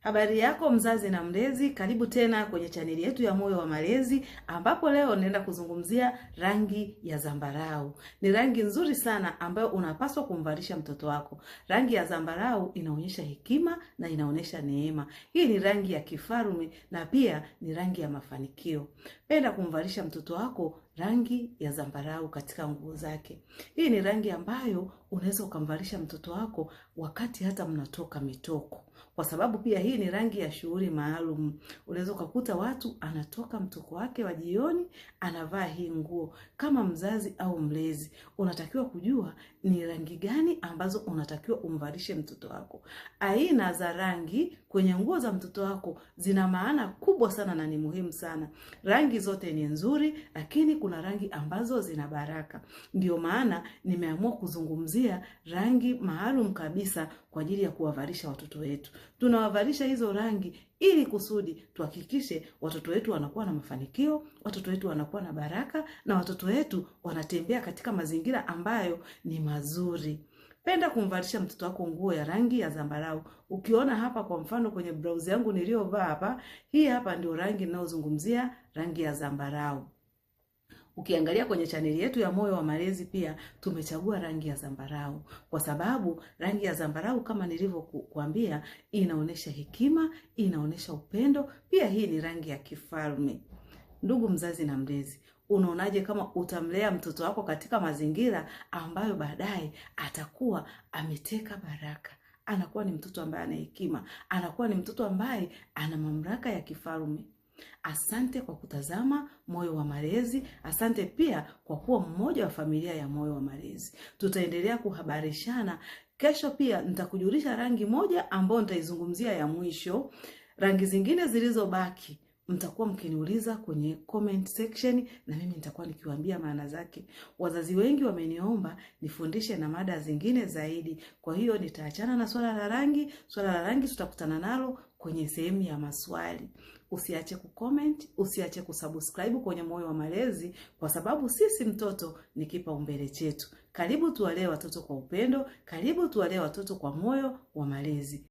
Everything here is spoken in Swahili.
Habari yako mzazi na mlezi, karibu tena kwenye chaneli yetu ya Moyo wa Malezi, ambapo leo naenda kuzungumzia rangi ya zambarau. Ni rangi nzuri sana ambayo unapaswa kumvalisha mtoto wako. Rangi ya zambarau inaonyesha hekima na inaonyesha neema. Hii ni rangi ya kifarume na pia ni rangi ya mafanikio. Penda kumvalisha mtoto wako rangi ya zambarau katika nguo zake. Hii ni rangi ambayo unaweza ukamvalisha mtoto wako wakati hata mnatoka mitoko kwa sababu pia hii ni rangi ya shughuli maalum. Unaweza ukakuta watu anatoka mtoko wake wa jioni anavaa hii nguo. Kama mzazi au mlezi, unatakiwa kujua ni rangi gani ambazo unatakiwa umvalishe mtoto wako. Aina za rangi kwenye nguo za mtoto wako zina maana kubwa sana na ni muhimu sana. Rangi zote ni nzuri, lakini kuna rangi ambazo zina baraka. Ndio maana nimeamua kuzungumzia rangi maalum kabisa kwa ajili ya kuwavalisha watoto wetu yetu, tunawavalisha hizo rangi ili kusudi tuhakikishe watoto wetu wanakuwa na mafanikio, watoto wetu wanakuwa na baraka, na watoto wetu wanatembea katika mazingira ambayo ni mazuri. Penda kumvalisha mtoto wako nguo ya rangi ya zambarau. Ukiona hapa kwa mfano kwenye blouse yangu niliyovaa hapa, hii hapa ndio rangi ninayozungumzia, rangi ya zambarau. Ukiangalia kwenye chaneli yetu ya Moyo wa Malezi pia tumechagua rangi ya zambarau, kwa sababu rangi ya zambarau kama nilivyokuambia, inaonyesha hekima, inaonyesha upendo, pia hii ni rangi ya kifalme. Ndugu mzazi na mlezi, unaonaje kama utamlea mtoto wako katika mazingira ambayo baadaye atakuwa ameteka baraka, anakuwa ni mtoto ambaye ana hekima, anakuwa ni mtoto ambaye ana mamlaka ya kifalme. Asante kwa kutazama Moyo wa Malezi. Asante pia kwa kuwa mmoja wa familia ya Moyo wa Malezi. Tutaendelea kuhabarishana kesho. Pia nitakujulisha rangi moja ambayo nitaizungumzia ya mwisho. Rangi zingine zilizobaki mtakuwa mkiniuliza kwenye comment section na mimi nitakuwa nikiwaambia maana zake. Wazazi wengi wameniomba nifundishe na mada zingine zaidi, kwa hiyo nitaachana na swala la rangi. Swala la rangi tutakutana nalo kwenye sehemu ya maswali. Usiache kucomment, usiache kusubscribe kwenye Moyo wa Malezi, kwa sababu sisi mtoto ni kipaumbele chetu. Karibu tuwalee watoto kwa upendo, karibu tuwalee watoto kwa moyo wa malezi.